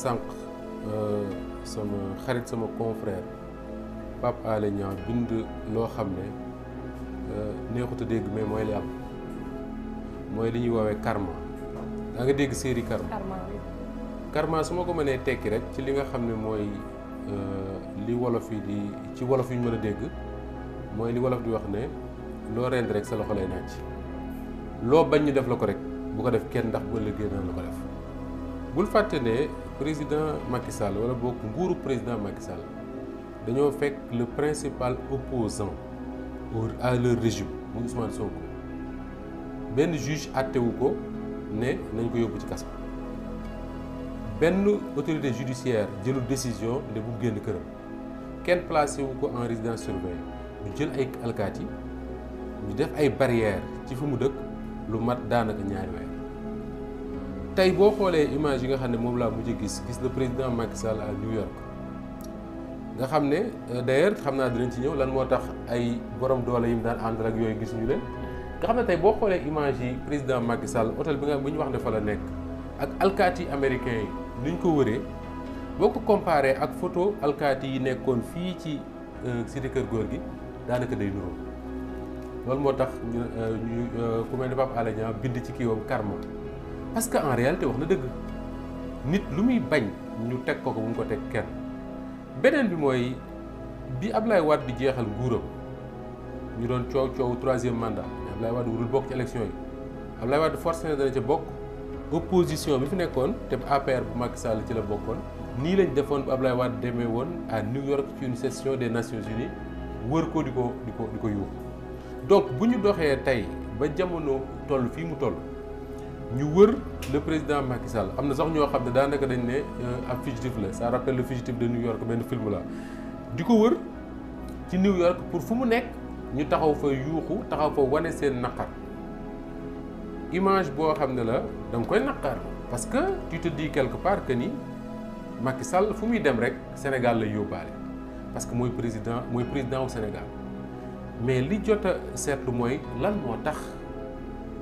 sànq euh, sama xarit sama confrère Pape Alé Niang bind loo xam ne euh, neexut a dégg mais mooy li am mooy li ñuy woowee karma daa nga dégg série karma karma su ma ko mënee tekki rek ci li nga xam ne mooy euh, li wolof yi di ci wolof yi ñu mën a dégg mooy li wolof di wax ne loo rend rek sa loxo lay naaj loo bañ ñu def la ko rek bu ko def kenn ndax bu ëllëgee na la ko def bul fàtte ne président Macky Sall wala beaucoup nguuru président Macky Sall D'ailleurs, fait le principal opposant au à leur régime Ousmane Sonko Ben juge àttewu ko n'est nañ ko yóbbu ci kaso benn autorité judiciaire jëlu décision ne bu génn këram kenn placé wu en résidence surveillée ñu jël ay alkaati yi ñu def ay barrières ci fi mu lu mat daanaka ñaari weer tey boo xoolee image yi nga xam ne moom laa mujj gis gis na président Macky Sall à New York nga xam ne euh, d'ailleurs xam naa dinañ ci ñëw lan moo tax ay borom doole yi mu daan àndal ak yooyu gis ñu leen nga xam ne tey boo xoolee image yi président Macky Sall hôtel bi nga bu ñu wax ne fa la nekk ak alkaati américain yi ni ko wëree boo ko comparé ak photo alkaati yi nekkoon fii ci euh, cité kër góor gi daanaka day nuroo loolu moo tax ñu euh, ku mel ne Pape Alé Niang bind ci kiiwam karma parce que en réalité wax na dëgg nit lu muy bañ ñu teg ko ko bu ko teg kenn beneen bi mooy bi Ablaye Wade di jeexal nguuram ñu doon coow coow troisième mandat mais Ablaye Wade warul bokk ci élection yi Ablaye Wade forcé na dana ca bokk opposition bi fi nekkoon te APR bu Macky Sall ci la bokkoon nii lañ defoon bu Ablaye Wade demee woon à New York ci une session des Nations Unies wër ko di ko di ko di ko yuuxu donc bu ñu doxee tey ba jamono toll fii mu toll ñu wër le président Macky Sall am na sax ñoo xam da naka dañ ne euh, ab fugitif la ça rappelle le fugitif de New York ben film la Diko wër ci New York pour fumu nek ñu taxaw fa yuuxu taxaw fa wane sen nakar. image bo xam la dang koy nakar parce que tu te dis quelque part que ni Macky Sall fu muy dem rek Sénégal la yobale. parce que moy président moy président au Sénégal mais li jotta a moy lan moo tax.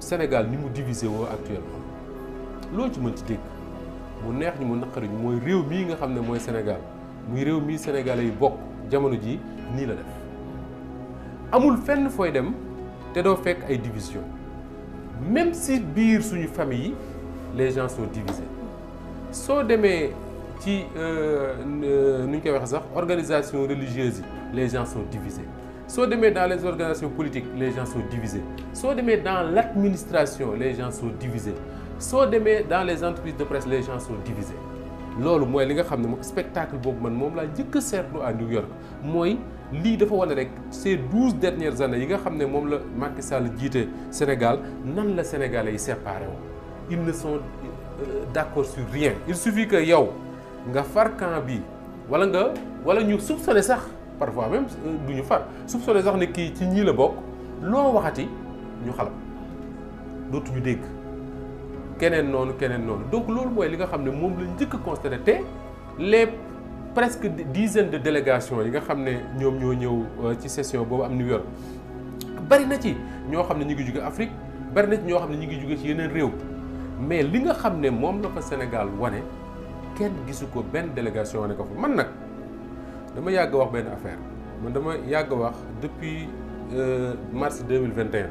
Sénégal ni mu divisé woo actuellement loo ci mën ci dégg mu neex ñu mu naqari ñu mooy réew mii nga xam ne Sénégal muy réew mii Sénégalais yi bokk jamono ji nii la def amul fenn fooy dem te doo fekk ay division même si biir suñu famille les gens sont divisés soo demee ci euh, euh, nu ñu koy sax organisation religieuse les gens sont divisés Soit demain dans les organisations politiques les gens sont divisés Soit demain dans l'administration, les gens sont divisés Soit demain dans les entreprises de presse les gens sont divisés C'est ce li nga spectacle qui man moom laa a à New York ces 12 dernières années yi nga xam ne moom la Macky Sall le Sénégal nan la Sénégalais est séparé ils ne sont euh, d'accord sur rien il suffit que yow nga far camp bi wala nga wala ñu sax parfois même euh, duñu ñu far soupçonné sax ne kii ci ñi la bok lo waxati ñu xalam ñu dégg keneen noonu keneen noonu donc loolu mooy li nga xam ne moom la njëkk constaté te les presque dizaines de délégations yi nga xam ne ñoom ñoo ñëw euh, ci session boobu am New York bari na ci ñoo xam ne ñu ngi jóge Afrique bari na ci ñoo xam ne ñu ngi jóge ci yeneen réew mais li nga xam ne moom la fa Sénégal wane kenn gisu ko benn délégation wane ko fa man nag dama yàgg wax benn affaire man dama yàgg wax depuis euh, mars 2021 mille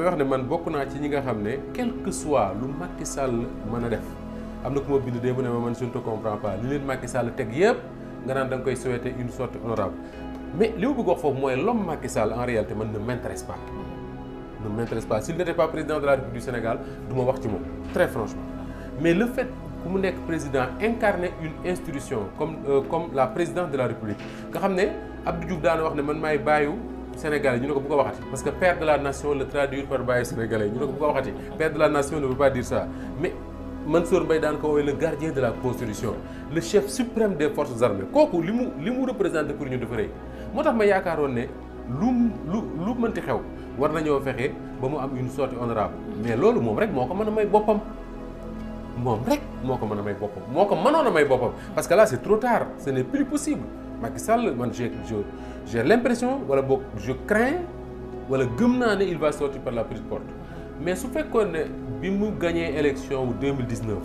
damay wax ne man bokk naa ci ñi nga xam ne quel que soit lu Macky Sall mën a def am na ku ma bind dee bu ne ma man je ne te comprends pas li leen Macky Sall teg yëpp nga naan da nga koy souhaiter une sorte honorable mais li ma bëgg wax foofu mooy l'homme Macky Sall en réalité man ne m'intéresse pas ne m'intéresse pas s'il n'était pas président de la République du Sénégal du ma wax ci moom très franchement mais le fait vous président incarner une institution comme euh, comme la Présidente de la république nga Abdou Diouf le ne Sénégal ne parce que père de la nation le traduire par sénégalais ñu ne père de la nation ne veut pas dire ça mais Mansour Baydan est le gardien de la constitution le chef suprême des forces armées kooku li mu nous pour nous. dafa ma lu lu lu une sortie honorable mais qui moom rek moo ko mën a may boppam moo ko mënoon a may boppam parce que là c'est trop tard ce n'est plus possible Macky Sall man j'ai j'ai l'impression wala je crains wala gëm naa il va sortir par la petite porte mais su fekkoon ne bi mu gagné élection wu 2019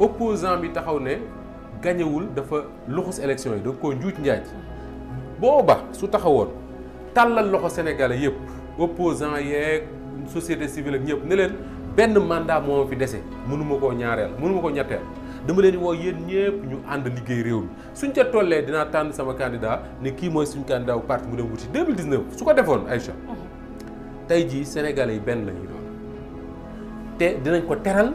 opposant bi taxaw ne gañewul dafa luxus élection yi da koo njuuj njaaj booba su taxawoon tàllal loxo sénégalais yépp opposant yeeg société civile ak ñëpp ne leen benn mandat moo fi dese mënuma koo ñaareel mënuma ko ñetteel dama leen woo yéen ñëpp ñu ànd liggéey réew mi suñ ca tollee dinaa tànn sama candidat ni kii mooy suñu candidat wu parti mu dem wuti 2019 su ko defoon Aïcha tey jii sénégal yi benn la ñuy doon te dinañ ko teral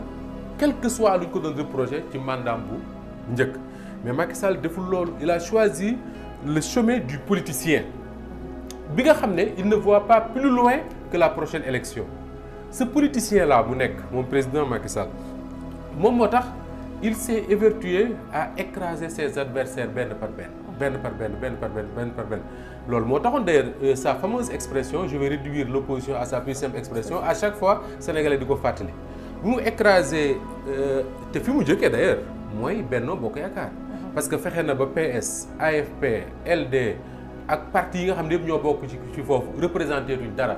quelque que soit luñ ko doon projet ci mandat bu njëkk mais Macky Sall deful loolu il a choisi le chemin du politicien bi nga xam ne il ne voit pas plus loin que la prochaine élection ce politicien là bu nekk président Macky Sall moom moo il s'est évertué à écraser ses adversaires ben par ben, ben par ben, ben par ben, ben par ben. Lol, d'ailleurs euh, sa fameuse expression je vais réduire l'opposition à sa plus simple expression à chaque fois sénégalais di ko fàttali bu mu écraser euh, te fi mu Moi, d'ailleurs non, Benno Bokk parce que faire un ba PS AFP LD ak parti yi nga xam ne yëpp ñoo ci représenté dara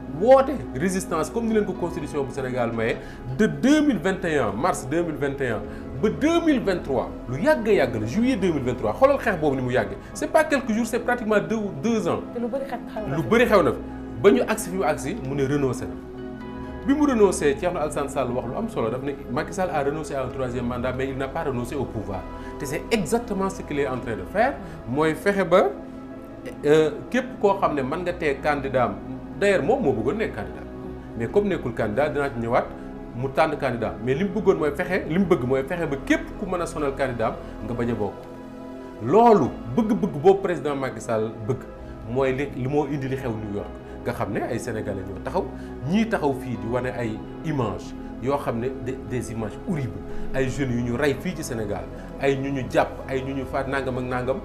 woote résistance comme ni leen ko constitution bu Sénégal de 2021 mars 2021 ba 2023 lu yàgg a juillet 2023 xoolal xeex boobu ni mu yàggee pas quelques jours c'est pratiquement deux deux ans. le lu bëri xew na lu bëri xew na ba ñu agsi fi mu agsi mu renoncé na bi mu renoncé Thierno Alassane Sall wax lu am solo Macky Sall a renoncé à un troisième mandat mais il n'a pas renoncé au pouvoir c'est exactement ce qu'il est en train de faire mooy fexe ba euh, képp koo xam ne man nga tee candidat d'ailleurs moi candidat mais comme je candidat un candidat, ñëwaat mu un candidat mais que je bëggoon faire, c'est un candidat. bëgg ba képp ku candidat nga président Macky Sall bëgg C'est li qu'il indi li New York nga xam ne sénégalais taxaw Ils taxaw là di montrer ay images des images horribles ay jeunes yu ñu au Sénégal ay ñu ñu jàpp ay ñu ñu des nangam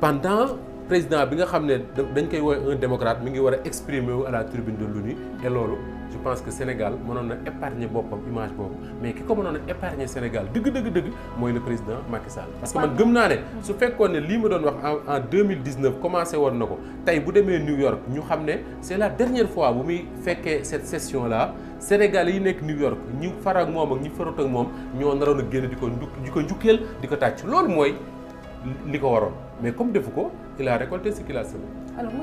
pendant président bi nga xamné dañ koy woy un démocrate mi ngi wara exprimer wu à la tribune de l'ONU et lolu je pense que Sénégal mënoon na épargner boppam image boobu mais kiko ko mënoon épargner Sénégal deug deug deug moy le président Macky Sall. parce que man gëm na né su fekkone li ma doon wax en 2019, commencé won nako tay bu démé New York ñu xamné c'est la dernière fois bu mi fekké cette session là Sénégal yi nek New York ñu farak mom ak ñu farut ak mom ñoo naroon a génn di ko di ko njukkeel di ko tàcc loolu mooy mais comme de Foucault, il a récolté ce qu'il a semé.